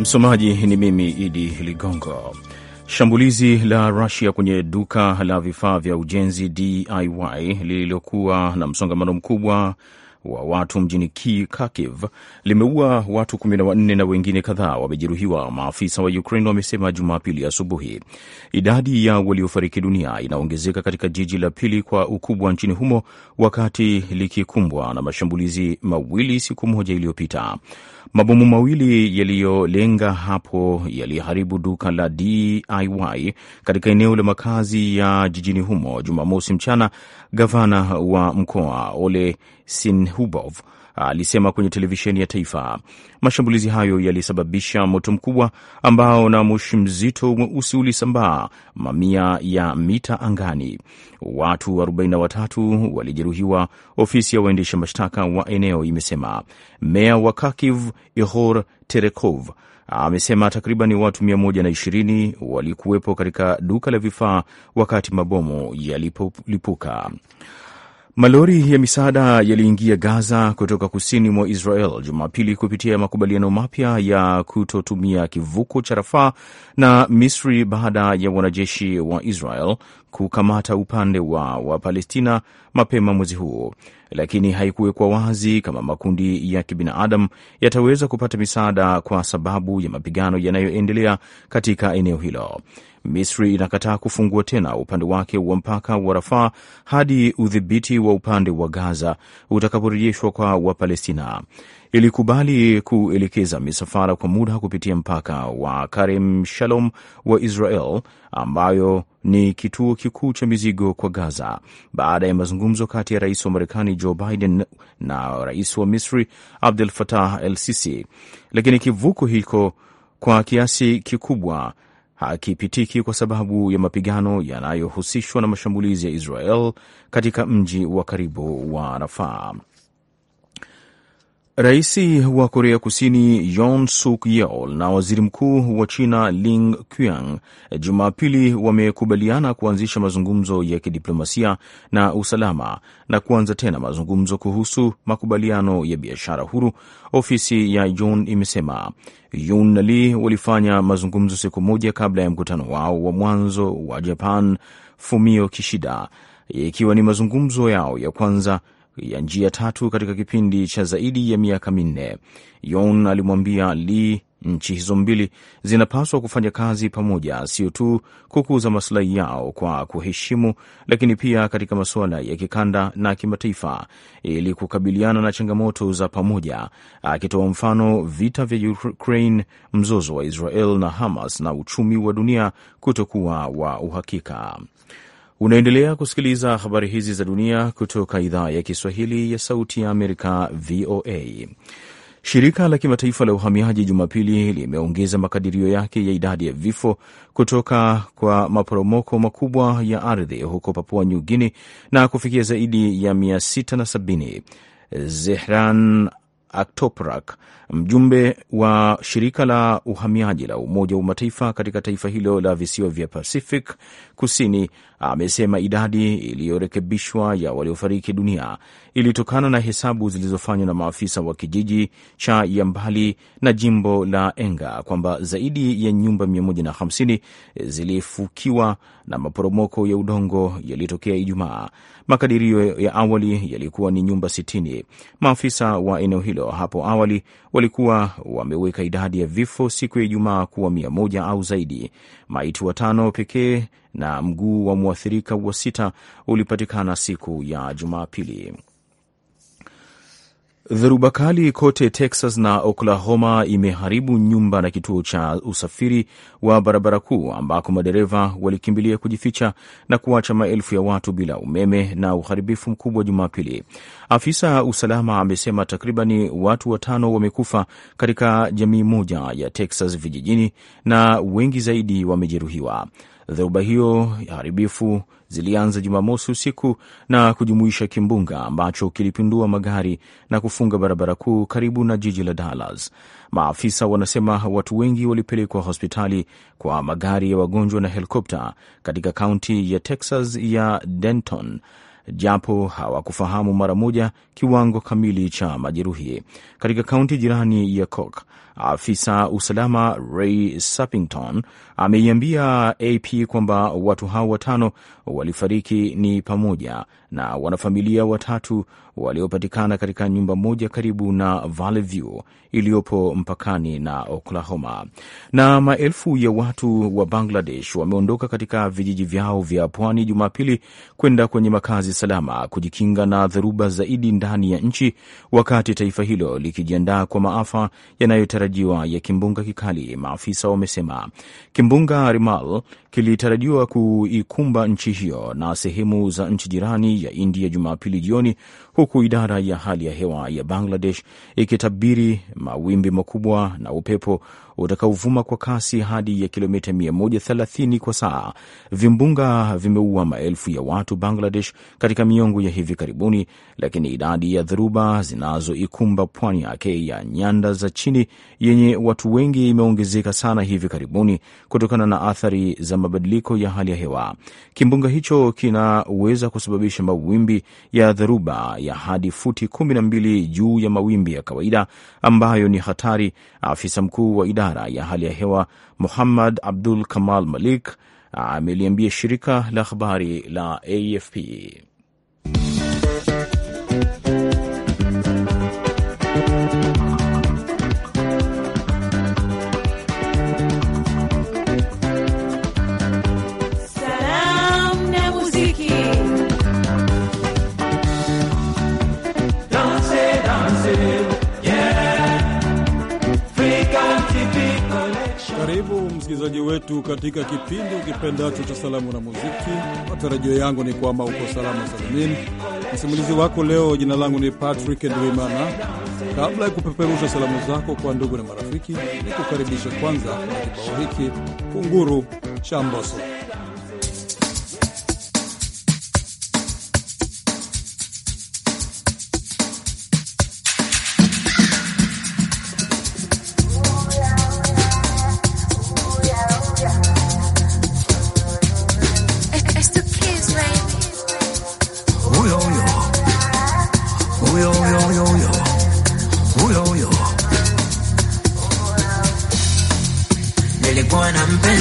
Msomaji ni mimi Idi Ligongo. Shambulizi la Rusia kwenye duka la vifaa vya ujenzi DIY lililokuwa na msongamano mkubwa wa watu mjini Kharkiv limeua watu kumi na wanne na wengine kadhaa wamejeruhiwa, maafisa wa Ukraine wamesema Jumapili asubuhi. Idadi ya waliofariki dunia inaongezeka katika jiji la pili kwa ukubwa nchini humo, wakati likikumbwa na mashambulizi mawili siku moja iliyopita. Mabomu mawili yaliyolenga hapo yaliharibu duka la DIY katika eneo la makazi ya jijini humo Jumamosi mchana. Gavana wa mkoa Ole Sinhubov alisema kwenye televisheni ya taifa. Mashambulizi hayo yalisababisha moto mkubwa ambao na moshi mzito mweusi ulisambaa mamia ya mita angani. Watu 43 walijeruhiwa, ofisi ya waendesha mashtaka wa eneo imesema. Meya wa Kharkiv Ihor Terekov amesema takriban watu 120 walikuwepo katika duka la vifaa wakati mabomu yalipolipuka. Malori ya misaada yaliingia Gaza kutoka kusini mwa Israel Jumapili kupitia makubaliano mapya ya kutotumia kivuko cha rafaa na Misri baada ya wanajeshi wa Israel kukamata upande wa Wapalestina mapema mwezi huo, lakini haikuwekwa wazi kama makundi ya kibinadamu yataweza kupata misaada kwa sababu ya mapigano yanayoendelea katika eneo hilo. Misri inakataa kufungua tena upande wake wa mpaka wa Rafaa hadi udhibiti wa upande wa Gaza utakaporejeshwa kwa Wapalestina ilikubali kuelekeza misafara kwa muda kupitia mpaka wa Karem Shalom wa Israel ambayo ni kituo kikuu cha mizigo kwa Gaza baada ya mazungumzo kati ya rais wa Marekani Joe Biden na rais wa Misri Abdel Fattah El Sisi, lakini kivuko hiko kwa kiasi kikubwa hakipitiki kwa sababu ya mapigano yanayohusishwa na mashambulizi ya Israel katika mji wa karibu wa rafaa Rais wa Korea Kusini Yoon Suk Yeol na waziri mkuu wa China Ling Qiang Jumapili wamekubaliana kuanzisha mazungumzo ya kidiplomasia na usalama na kuanza tena mazungumzo kuhusu makubaliano ya biashara huru, ofisi ya Yoon imesema. Yoon na Li walifanya mazungumzo siku moja kabla ya mkutano wao wa mwanzo wa Japan Fumio Kishida, ikiwa ni mazungumzo yao ya kwanza ya njia tatu katika kipindi cha zaidi ya miaka minne. Yon alimwambia Lee nchi hizo mbili zinapaswa kufanya kazi pamoja, sio tu kukuza masilahi yao kwa kuheshimu, lakini pia katika masuala ya kikanda na kimataifa, ili kukabiliana na changamoto za pamoja, akitoa mfano vita vya Ukraine, mzozo wa Israel na Hamas na uchumi wa dunia kutokuwa wa uhakika. Unaendelea kusikiliza habari hizi za dunia kutoka idhaa ya Kiswahili ya Sauti ya Amerika, VOA. Shirika la kimataifa la uhamiaji Jumapili limeongeza makadirio yake ya idadi ya vifo kutoka kwa maporomoko makubwa ya ardhi huko Papua New Guinea na kufikia zaidi ya 670. Zehran Aktoprak, mjumbe wa shirika la uhamiaji la Umoja wa Mataifa katika taifa hilo la visiwa vya Pacific Kusini, amesema idadi iliyorekebishwa ya waliofariki dunia ilitokana na hesabu zilizofanywa na maafisa wa kijiji cha Yambali na jimbo la Enga kwamba zaidi ya nyumba 150 zilifukiwa na maporomoko ya udongo yaliyotokea Ijumaa. Makadirio ya awali yalikuwa ni nyumba 60. Maafisa wa eneo hilo hapo awali walikuwa wameweka idadi ya vifo siku ya Ijumaa kuwa 1 au zaidi. Maiti watano pekee na mguu wa mwathirika wa sita ulipatikana siku ya Jumapili. Dhoruba kali kote Texas na Oklahoma imeharibu nyumba na kituo cha usafiri wa barabara kuu ambako madereva walikimbilia kujificha na kuacha maelfu ya watu bila umeme na uharibifu mkubwa Jumapili. Afisa usalama amesema takribani watu watano wamekufa katika jamii moja ya Texas vijijini na wengi zaidi wamejeruhiwa. Dhoruba hiyo haribifu zilianza Jumamosi usiku na kujumuisha kimbunga ambacho kilipindua magari na kufunga barabara kuu karibu na jiji la Dallas. Maafisa wanasema watu wengi walipelekwa hospitali kwa magari ya wagonjwa na helikopta katika kaunti ya Texas ya Denton japo hawakufahamu mara moja kiwango kamili cha majeruhi. Katika kaunti jirani ya Cook, Afisa usalama Ray Sappington ameiambia AP kwamba watu hao watano walifariki ni pamoja na wanafamilia watatu waliopatikana katika nyumba moja karibu na Valley View iliyopo mpakani na Oklahoma. Na maelfu ya watu wa Bangladesh wameondoka katika vijiji vyao vya pwani Jumapili kwenda kwenye makazi salama kujikinga na dhoruba zaidi ndani ya nchi, wakati taifa hilo likijiandaa kwa maafa yanayotarajia yatarajiwa ya kimbunga kikali, maafisa wamesema. Kimbunga Rimal kilitarajiwa kuikumba nchi hiyo na sehemu za nchi jirani ya India Jumapili jioni, huku idara ya hali ya hewa ya Bangladesh ikitabiri mawimbi makubwa na upepo utakaovuma kwa kasi hadi ya kilomita 130 kwa saa. Vimbunga vimeua maelfu ya watu Bangladesh katika miongo ya hivi karibuni, lakini idadi ya dhoruba zinazoikumba pwani yake ya nyanda za chini yenye watu wengi imeongezeka sana hivi karibuni kutokana na athari za mabadiliko ya hali ya hewa. Kimbunga hicho kinaweza kusababisha mawimbi ya dharuba ya hadi futi kumi na mbili juu ya mawimbi ya kawaida, ambayo ni hatari. Afisa mkuu wa idara ya hali ya hewa Muhammad Abdul Kamal Malik ameliambia shirika la habari la AFP. msikilizaji wetu katika kipindi kipendacho cha salamu na muziki. Matarajio yangu ni kwamba uko salama salimini. Msimulizi wako leo, jina langu ni Patrick Ndwimana. Kabla ya kupeperusha salamu zako kwa ndugu na marafiki, nikukaribishe kwanza kwa kibao hiki kunguru cha mboso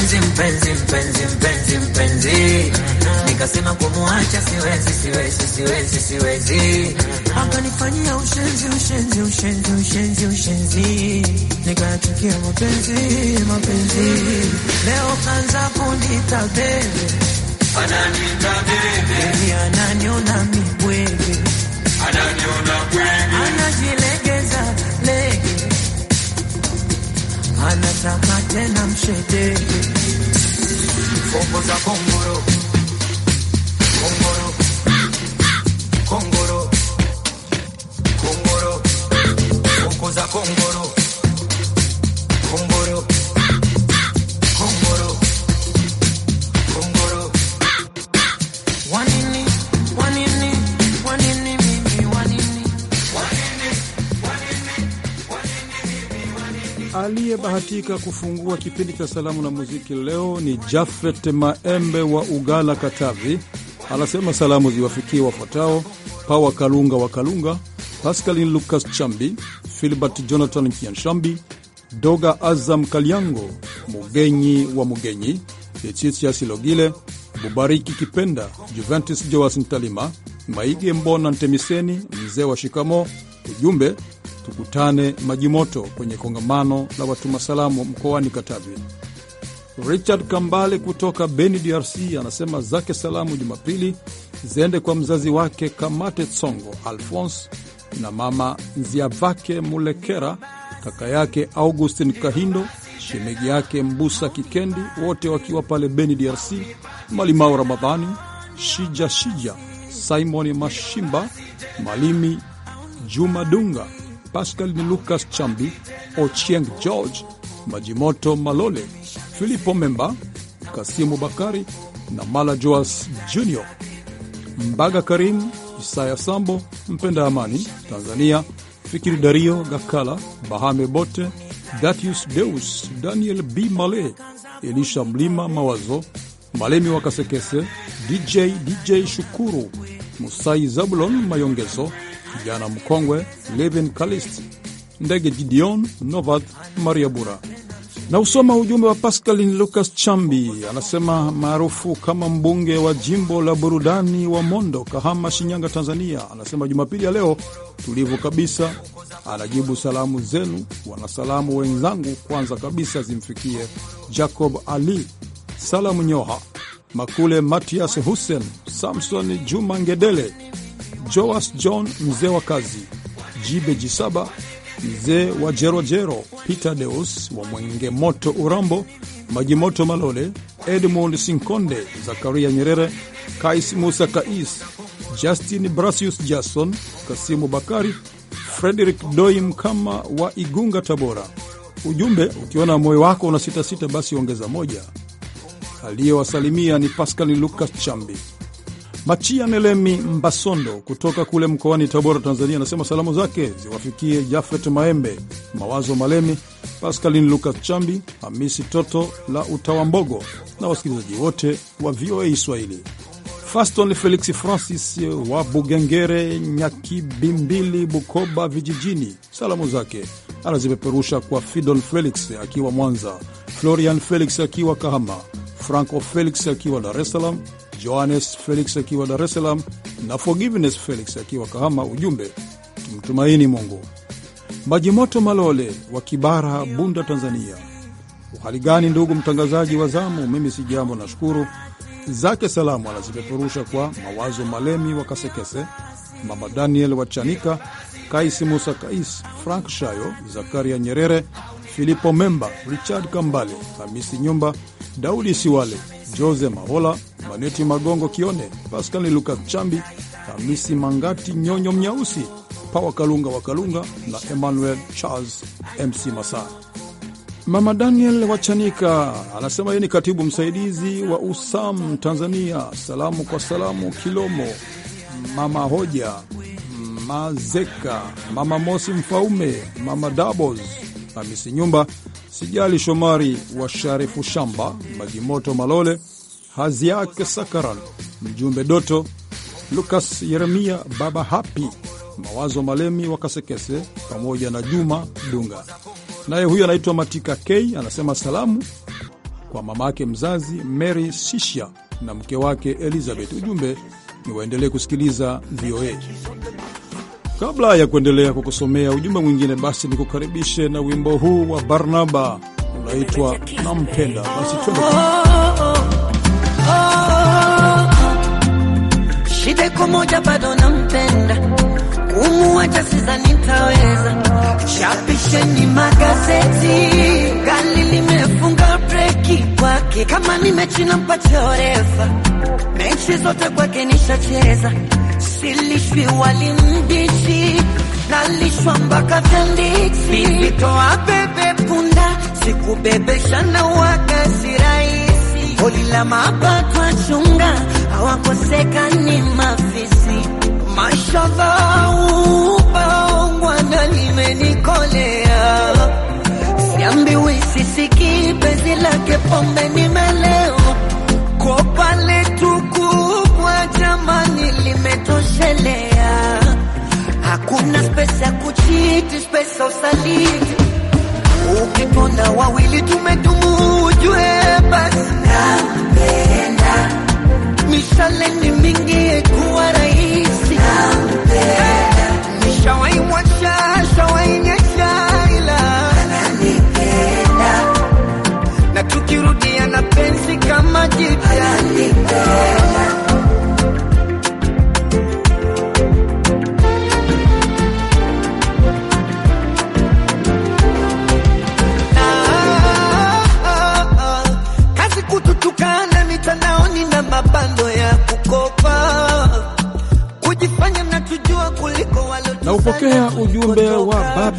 mpenzi mpenzi mpenzi mpenzi mpenzi, nikasema kumwacha siwezi siwezi siwezi siwezi, akanifanyia ushenzi ushenzi ushenzi ushenzi ushenzi, nikachukia mapenzi mapenzi. Leo kanza kunita bebe, ananita bebe, ananiona mibwege, ananiona bwege, anajilegeza anataka tena mshedege kuongoza kongoro kongoro kongoro kongoro kuongoza kongoro Aliyebahatika kufungua kipindi cha salamu na muziki leo ni Jafet Maembe wa Ugala, Katavi. Anasema salamu ziwafikie wafuatao: Pawa Kalunga wa Kalunga, Pascalin Lucas Chambi, Filbert Jonathan Kianshambi, Doga Azam Kalyango, Mugenyi wa Mugenyi, Ichicha Silogile, Bubariki Kipenda, Juventus Joas Ntalima, Maige Mbona Ntemiseni, mzee wa shikamo Ujumbe: tukutane Majimoto kwenye kongamano la watuma salamu mkoani Katavi. Richard Kambale kutoka Beni, DRC anasema zake salamu Jumapili ziende kwa mzazi wake Kamate Tsongo Alphonse na mama Nziavake Mulekera, kaka yake Augustin Kahindo, shemeji yake Mbusa Kikendi, wote wakiwa pale Beni, DRC. Malimao Ramadhani Shija Shija, Simoni Mashimba Malimi Juma Dunga, Pascal Lucas Chambi, Ochieng George, Majimoto Malole, Filipo Memba, Kasimu Bakari na Mala Joas Junior, Mbaga Karim, Isaya Sambo, Mpenda Amani, Tanzania, Fikiri Dario Gakala, Bahame Bote, Datius Deus, Daniel B. Male, Elisha Mlima Mawazo, Malemi wa Kasekese, DJ DJ Shukuru, Musai Zabulon Mayongezo, kijana mkongwe Levin Kalist, Ndege Gideon Novat, Maria Bura. Na usoma ujumbe wa Pascalin Lucas Chambi, anasema maarufu kama mbunge wa jimbo la burudani wa Mondo, Kahama, Shinyanga, Tanzania. Anasema Jumapili ya leo tulivu kabisa. Anajibu salamu zenu, wanasalamu wenzangu, kwanza kabisa zimfikie Jacob Ali, Salamu Nyoha, Makule Matias, Hussein Samson, Juma Ngedele Joas John, mzee wa kazi, Jibe Jisaba mzee wa Jerojero, Peter Deus wa Mwenge Moto Urambo, majimoto Malole, Edmond Sinkonde, Zakaria Nyerere, Kais Musa Kais, Justin Brasius Jason, Kasimu Bakari, Frederick Doim kama wa Igunga, Tabora. Ujumbe, ukiona moyo wako una sitasita, basi ongeza moja. Aliyewasalimia ni Pascal Lucas Chambi. Machia Nelemi Mbasondo kutoka kule mkoani Tabora, Tanzania, anasema salamu zake ziwafikie Jafet Maembe, Mawazo Malemi, Pascalin Lukas Chambi, Hamisi Toto la utawa mbogo na wasikilizaji wote wa VOA Swahili. Faston Felix Francis wa Bugengere, Nyakibimbili, Bukoba Vijijini, salamu zake anazipeperusha kwa Fidon Felix akiwa Mwanza, Florian Felix akiwa Kahama, Franco Felix akiwa Dar es Salaam Johannes Felix akiwa Dar es Salaam na Forgiveness Felix akiwa Kahama. Ujumbe tumtumaini Mungu. Maji moto Malole wa Kibara, Bunda, Tanzania. Uhali gani ndugu mtangazaji wa zamu? Mimi si jambo, nashukuru. Zake salamu anazipeperusha kwa Mawazo Malemi wa Kasekese, Mama Daniel wa Chanika, Kais Musa Kais, Frank Shayo, Zakaria Nyerere, Filipo Memba, Richard Kambale, Hamisi Nyumba, Daudi Siwale Jose Mahola, Maneti Magongo Kione, Paskali Lukas Chambi, Hamisi Mangati, Nyonyo Mnyausi, Pawa Kalunga wa Kalunga na Emmanuel Charles MC Masaa. Mama Daniel Wachanika anasema yeye ni katibu msaidizi wa USAM Tanzania. Salamu kwa salamu Kilomo, Mama Hoja Mazeka, Mama Mosi Mfaume, Mama Dabos Hamisi Nyumba, Sijali Shomari wa Sharifu Shamba, majimoto Malole, Haziak Sakaran, Mjumbe Doto, Lukas Yeremia, Baba Hapi, Mawazo Malemi wa Kasekese pamoja na Juma Dunga. Naye huyu anaitwa Matika K anasema salamu kwa mama yake mzazi Mary Sisha na mke wake Elizabeth. Ujumbe ni waendelee kusikiliza VOA. Kabla ya kuendelea kukusomea ujumbe mwingine, basi nikukaribishe na wimbo huu wa Barnaba unaitwa Nampenda. Basi twende oh, oh, oh. shida iko moja, bado nampenda, kumuacha sidhani nitaweza. Chapisheni magazeti, gari limefunga breki kwake, kama ni mechi nampa chorefa, mechi zote kwake nishacheza silishwi wali mbichi, nalishwa mpaka tandiksi, nilitoa bebe punda, sikubebeshana waga, si rahisi, holi la mapato achunga, hawakosekani mafisi, mashallah ubaongwana limenikolea Siambiwi sisiki penzi lake pombe nimeleo kopa letu kubwa jamani kuchelea, hakuna spesa ya kuchiti, spesa usaliti. Ukitona wawili tumedumu, ujue basi nampenda. Mishale ni mingi, kuwa rahisi nampenda. Nishawahi mwacha, shawahi nyesha, ila ananipenda, na tukirudia na penzi kama jipya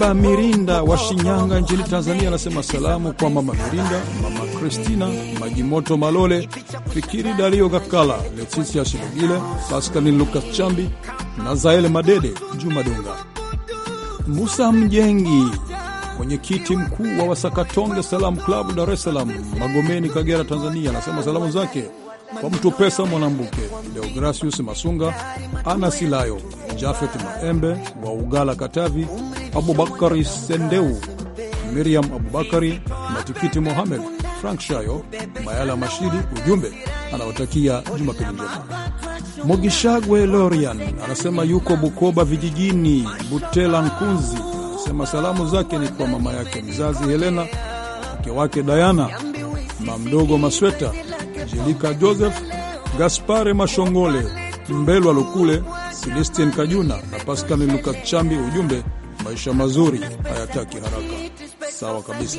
Baba Mirinda wa Shinyanga nchini Tanzania anasema salamu kwa Mama Mirinda, Mama Kristina Majimoto Malole, Fikiri Dario Gakala, Letisia Shilogile, Paskalin Lukas Chambi na Madede Juma Dunga. Musa Mjengi, mwenyekiti mkuu wa Wasakatonge Salamu Klabu Dar es Salaam, Magomeni, Kagera, Tanzania, anasema salamu zake kwa mtu pesa Mwanambuke, Deogracius Masunga, Ana Silayo, Jafet Maembe wa Ugala, Katavi, Abubakari Sendeu, Miriam Abubakari, Matikiti Mohamed, Frank Shayo, Mayala Mashidi. Ujumbe anawatakia Jumapili njema. Mogishagwe Lorian anasema yuko Bukoba vijijini, Butela Nkunzi anasema salamu zake ni kwa mama yake mzazi Helena, mke wake Dayana, mdogo Masweta, Jelika Joseph, Gaspare Mashongole, Mbelwa Lukule, Celestin Kajuna na Pascal lukachambi Ujumbe maisha mazuri hayataki haraka. Sawa kabisa.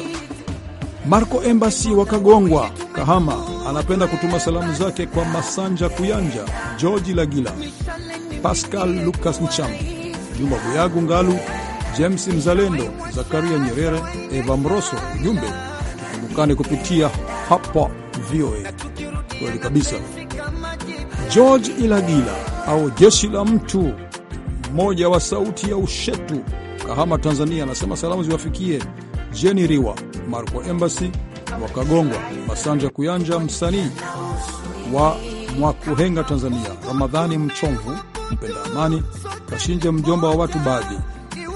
Marco Embassy wa Kagongwa, Kahama, anapenda kutuma salamu zake kwa Masanja Kuyanja, George Lagila, Pascal Lucas Ncham, Juma Buyagu Ngalu, James Mzalendo, Zakaria Nyerere, Eva Mroso. Ujumbe, tukumbukane kupitia hapa VOA. Kweli kabisa. George Ilagila au jeshi la mtu mmoja wa sauti ya Ushetu Kahama, Tanzania, anasema salamu ziwafikie Jeni Riwa, Marco Embassy wa Kagongwa, Masanja Kuyanja, msanii wa Mwakuhenga, Tanzania, Ramadhani Mchomvu, mpenda amani, Kashinje, mjomba wa watu baadhi,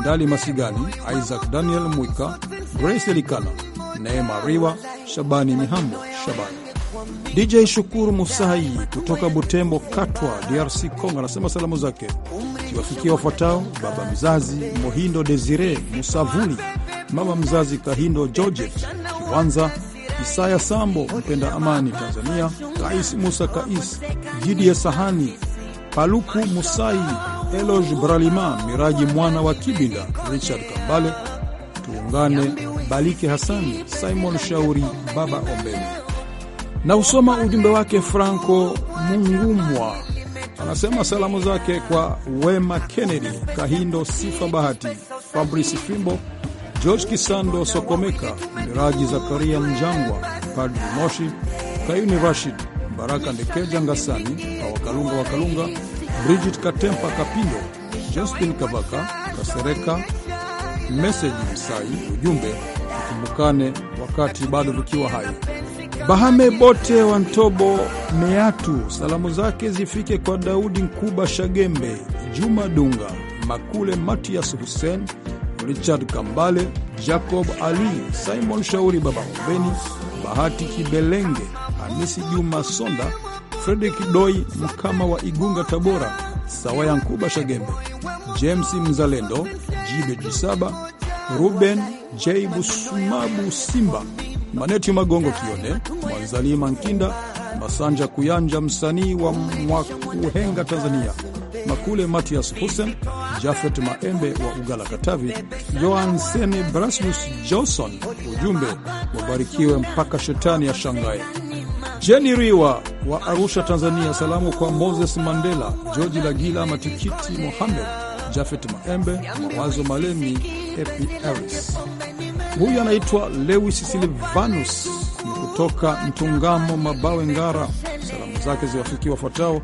Ndali Masigani, Isaac Daniel Mwika, Grace Elikana, Neema Riwa, Shabani Mihambo Shabani. DJ Shukuru Musahi kutoka Butembo Katwa, DRC Congo, anasema salamu zake wafikia wafuatao: baba mzazi Mohindo Desire Musavuli, mama mzazi Kahindo Georget Kiwanza, Isaya Sambo mpenda amani Tanzania, Kais Musa Kais, Jidie Sahani Paluku, Musai Eloj Bralima, Miraji mwana wa Kibinda, Richard Kambale, Tuungane Balike Hasani, Simon Shauri, Baba Ombeni. Na usoma ujumbe wake Franco Mungumwa anasema salamu zake kwa Wema Kennedy, Kahindo Sifa, Bahati Fabrisi Fimbo, George Kisando Sokomeka, Miraji Zakaria Mjangwa, Padri Moshi, Kayuni Rashid, Baraka Ndekeja Ngasani, Awakalunga Wakalunga, Brigit Katempa Kapindo, Justin Kavaka Kasereka. Meseji Msai ujumbe, tukumbukane wakati bado tukiwa hai. Bahame bote wa Ntobo Meatu, salamu zake zifike kwa Daudi Nkuba, Shagembe Juma Dunga, Makule Matias, Hussein Richard Kambale, Jacob Ali, Simon Shauri, Baba Ombeni, Bahati Kibelenge, Hamisi Juma Sonda, Fredrik Doi Mkama wa Igunga, Tabora, Sawaya Nkuba, Shagembe, James Mzalendo, Jibe Jisaba, Ruben J Busumabu Simba Maneti Magongo Kione, Mwanzani, Mankinda Masanja Kuyanja, msanii wa Mwakuhenga Tanzania, Makule Matias hussen Jafet Maembe wa Ugala Katavi, Joan Seni Brasmus Johnson. Ujumbe wabarikiwe mpaka shetani ya Shanghai. Jeni Riwa wa Arusha Tanzania, salamu kwa Moses Mandela, Georgi Lagila Matikiti, Mohamed Jafet Maembe, Mawazo Malemi, Epi Aris Huyu anaitwa Lewis Silvanus, ni kutoka Mtungamo, Mabawe, Ngara. Salamu zake ziwafikia wafuatao: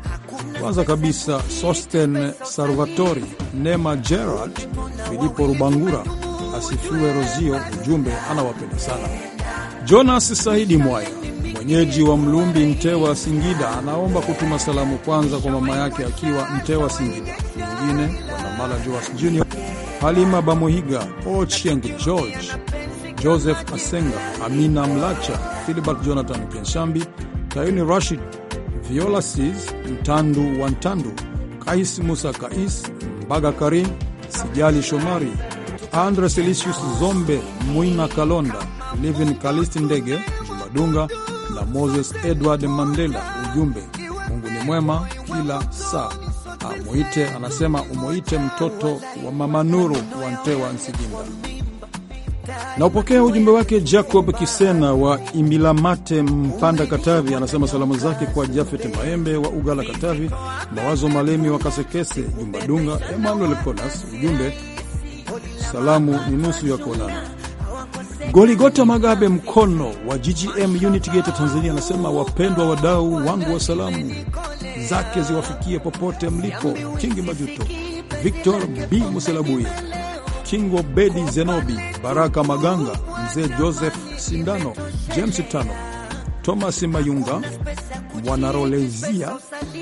kwanza kabisa Sosten Salvatori, Nema Gerard, Filipo Rubangura, Asifiwe Rozio. Ujumbe anawapenda sana. Jonas Saidi Mwaya, mwenyeji wa Mlumbi, Mtewa, Singida, anaomba kutuma salamu kwanza kwa mama yake akiwa Mtewa, Singida, mwingine Mala Joas Junior, Halima Bamuhiga, Ochieng George Joseph Asenga, Amina Mlacha, Filibert Jonathan Kenshambi, Tayuni Rashid, Viola Sis, Mtandu wa Ntandu, Kais Musa Kais, Mbaga Karim, Sijali Shomari, Andre Selisius Zombe, Mwina Kalonda, Livin Kalisti Ndege, Jumadunga na Moses Edward Mandela. Ujumbe, Mungu ni mwema kila saa. Amuite anasema umuite mtoto wa Mama Nuru wa Ntewa Nsiginda. Naupokea ujumbe wake Jacob Kisena wa Imilamate, Mpanda, Katavi. Anasema salamu zake kwa Jafet Maembe wa Ugala, Katavi, Mawazo Malemi wa Kasekese, Jumbadunga, Emmanuel Konas. Ujumbe salamu ni nusu ya kuonana. Goligota Magabe Mkono wa GGM Unit Gate, Tanzania, anasema wapendwa wadau wangu wa salamu zake ziwafikie popote mlipo. Kingi Majuto, Victor B Muselabuye Kingo Bedi, Zenobi Baraka, Maganga Mzee Joseph Sindano, James Tano, Thomas Mayunga, Mwanarolezia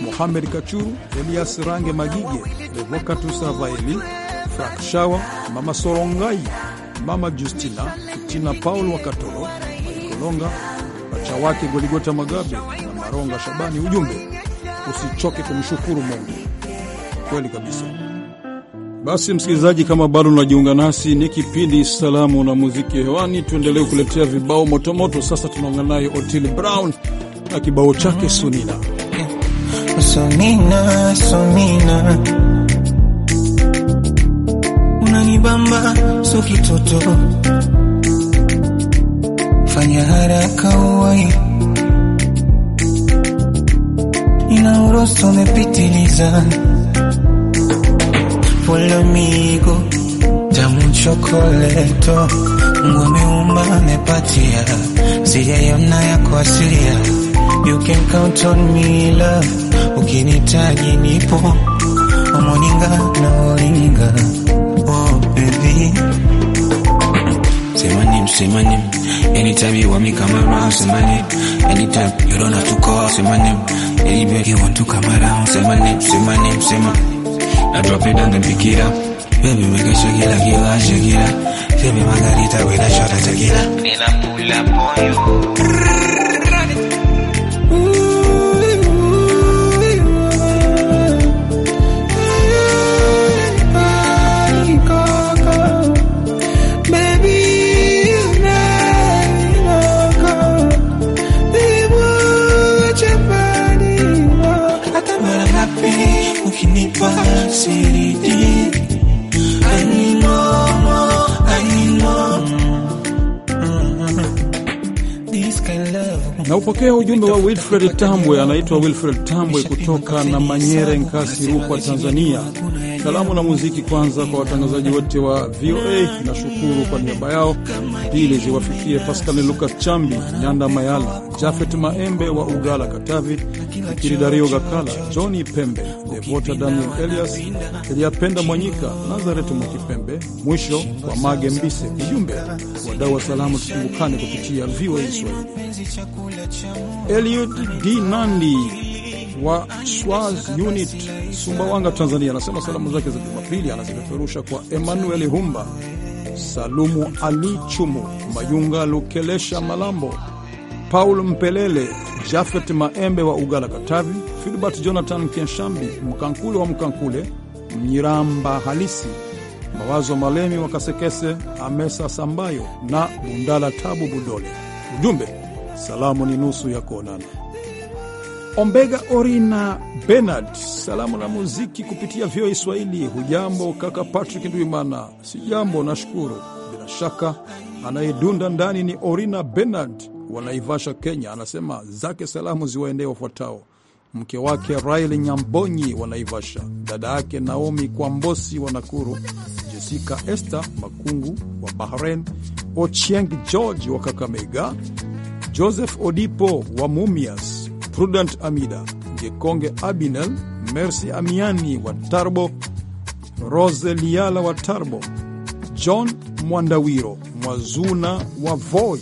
Mohamed Kachuru, Elias Range Magige, Evokatusa Vaeli, Frank Shawa, Mama Sorongai, Mama Justina Tina, Paul Wakatoro, Maikolonga pacha wake Goligota Magabe na Maronga Shabani. Ujumbe, usichoke kumshukuru Mungu. Kweli kabisa. Basi msikilizaji, kama bado unajiunga nasi, ni kipindi Salamu na Muziki hewani, tuendelee kuletea vibao motomoto. Sasa tunaongana naye Otile Brown na kibao chake Sunina. Sunina, Sunina, unanibamba so kitoto, fanya haraka uwai, inaoroso umepitiliza amigo, mucho Follow me go me patia, si ya yo sijaiona ya asilia. You can count on me love, ukinitaji nipo Omoninga na olinga. Oh baby Say my name, say my name Anytime you want me come around, say my name Anytime you don't have to call, say my name Anywhere you want to come around, say my name, say my name, say my name I on the Piquira. Baby, we Shakira, a Shakira. Give margarita with a shot of tequila. ukinipa mm-hmm. na upokea ujumbe wa Wilfred Tambwe, anaitwa Wilfred Tambwe kutoka na Manyere, Nkasi, Rukwa, Tanzania. Salamu na muziki kwanza kwa watangazaji wote wa VOA nashukuru kwa niaba yao, pili ziwafikie Pascal Luka Chambi, Nyanda Mayala, Jafet Maembe wa Ugala, Katavi, Fikiri Dario Gakala, Johni Pembe Devota Daniel Elias, Eliyapenda Mwanyika, nazareti Mwakipembe, mwisho kwa Mage Mbise. Ujumbe wa dawa salamu, tukumbukane kupitia VOA Kiswahili. Eliud D Nandi wa Swaz Unit, Sumbawanga, Tanzania, anasema salamu zake za Jumapili anazipeperusha kwa Emmanuel Humba, Salumu Ali Chumu, Mayunga Lukelesha Malambo, Paul Mpelele, Jafet Maembe wa Ugala, Katavi Filbert Jonathan Kenshambi, Mkankule wa Mkankule, Mnyiramba halisi, Mawazo Malemi wa Kasekese, Amesa Sambayo na Bundala Tabu Budole. Ujumbe, salamu ni nusu ya kuonana. Ombega Orina Bernard, salamu na muziki kupitia vyo iswahili Hujambo kaka Patrick Ndwimana? Sijambo, nashukuru. Bila shaka anayedunda ndani ni Orina Benard wanaivasha Kenya, anasema zake salamu ziwaendee wafuatao mke wake Rael Nyambonyi wa Naivasha, dada yake Naomi Kwambosi wa Nakuru, Jessica Esther Makungu wa Bahrain, Ochieng George wa Kakamega, Joseph Odipo wa Mumias, Prudent Amida Gekonge, Abinel Mercy Amiani wa Tarbo, Rose Liala wa Tarbo, John Mwandawiro Mwazuna wa Voi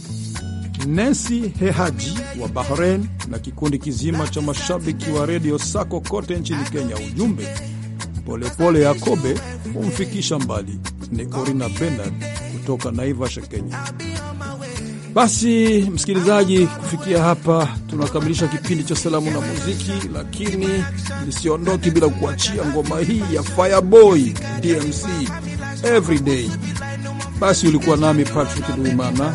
Nancy Hehaji wa Bahrain na kikundi kizima cha mashabiki wa redio Sako kote nchini Kenya. Ujumbe polepole Yakobe humfikisha mbali. Ni Corina Bernard kutoka Naivasha, Kenya. Basi msikilizaji, kufikia hapa tunakamilisha kipindi cha salamu na muziki, lakini nisiondoki bila kuachia ngoma hii ya Fireboy DMC everyday. Basi ulikuwa nami Patrick Duimana.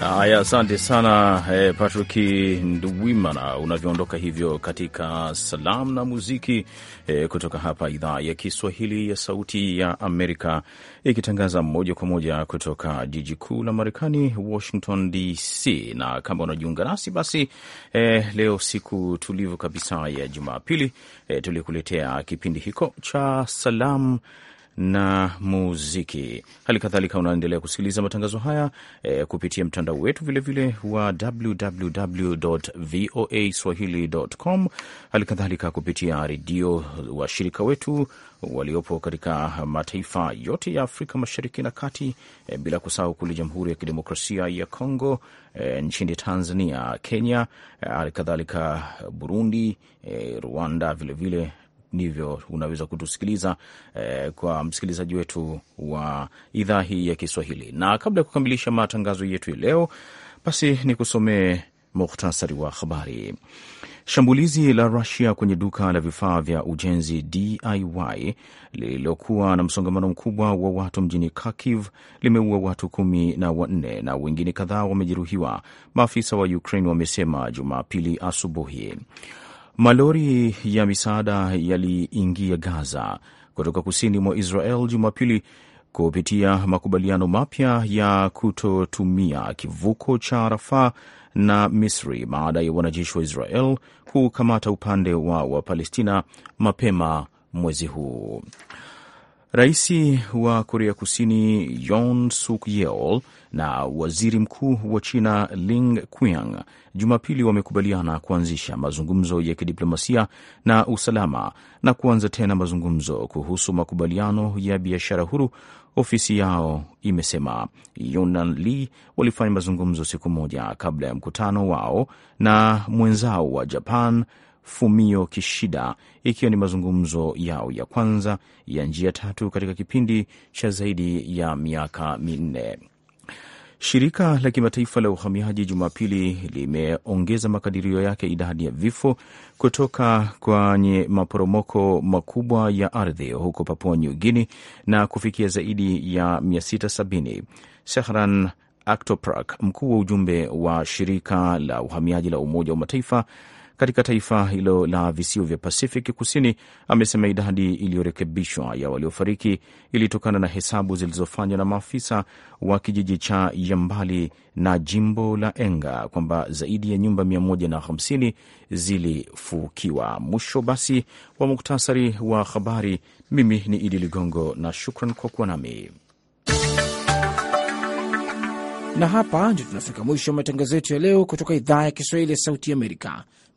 Haya, asante sana eh, Patrick Nduwimana, unavyoondoka hivyo katika salamu na muziki eh, kutoka hapa idhaa ya Kiswahili ya Sauti ya Amerika ikitangaza moja kwa moja kutoka jiji kuu la Marekani, Washington DC. Na kama unajiunga nasi basi, eh, leo siku tulivu kabisa ya Jumapili, eh, tulikuletea kipindi hiko cha salamu na muziki. Hali kadhalika unaendelea kusikiliza matangazo haya e, kupitia mtandao wetu vilevile wa www voa swahilicom hali kadhalika kupitia redio washirika wetu waliopo katika mataifa yote ya Afrika Mashariki na Kati, e, bila kusahau kule Jamhuri ya Kidemokrasia ya Kongo, e, nchini Tanzania, Kenya, hali kadhalika Burundi, e, Rwanda vilevile vile, ndivyo unaweza kutusikiliza eh, kwa msikilizaji wetu wa idhaa hii ya Kiswahili. Na kabla ya kukamilisha matangazo yetu leo, basi ni kusomee muhtasari wa habari. Shambulizi la Rusia kwenye duka la vifaa vya ujenzi DIY lililokuwa na msongamano mkubwa wa watu mjini Kharkiv limeua watu kumi na wanne na wengine kadhaa wamejeruhiwa, maafisa wa Ukraine wamesema Jumapili asubuhi. Malori ya misaada yaliingia Gaza kutoka kusini mwa Israel Jumapili kupitia makubaliano mapya ya kutotumia kivuko cha Rafah na Misri baada ya wanajeshi wa Israel kukamata upande wa Wapalestina mapema mwezi huu. Rais wa Korea Kusini Yoon Suk Yeol na waziri mkuu wa China ling Qiang Jumapili wamekubaliana kuanzisha mazungumzo ya kidiplomasia na usalama na kuanza tena mazungumzo kuhusu makubaliano ya biashara huru, ofisi yao imesema. Yunan Li walifanya mazungumzo siku moja kabla ya mkutano wao na mwenzao wa Japan Fumio Kishida, ikiwa ni mazungumzo yao ya kwanza ya njia tatu katika kipindi cha zaidi ya miaka minne. Shirika la kimataifa la uhamiaji Jumapili limeongeza makadirio yake idadi ya vifo kutoka kwenye maporomoko makubwa ya ardhi huko Papua New Guinea na kufikia zaidi ya 670. Sehran Actoprak, mkuu wa ujumbe wa shirika la uhamiaji la Umoja wa Mataifa, katika taifa hilo la visio vya Pacific Kusini amesema idadi iliyorekebishwa ya waliofariki ilitokana na hesabu zilizofanywa na maafisa wa kijiji cha Yambali na jimbo la Enga kwamba zaidi ya nyumba 150 zilifukiwa. Mwisho basi wa muktasari wa habari. Mimi ni Idi Ligongo na shukran kwa kuwa nami na hapa ndio tunafika mwisho wa matangazo yetu ya leo kutoka idhaa ya Kiswahili ya Sauti Amerika.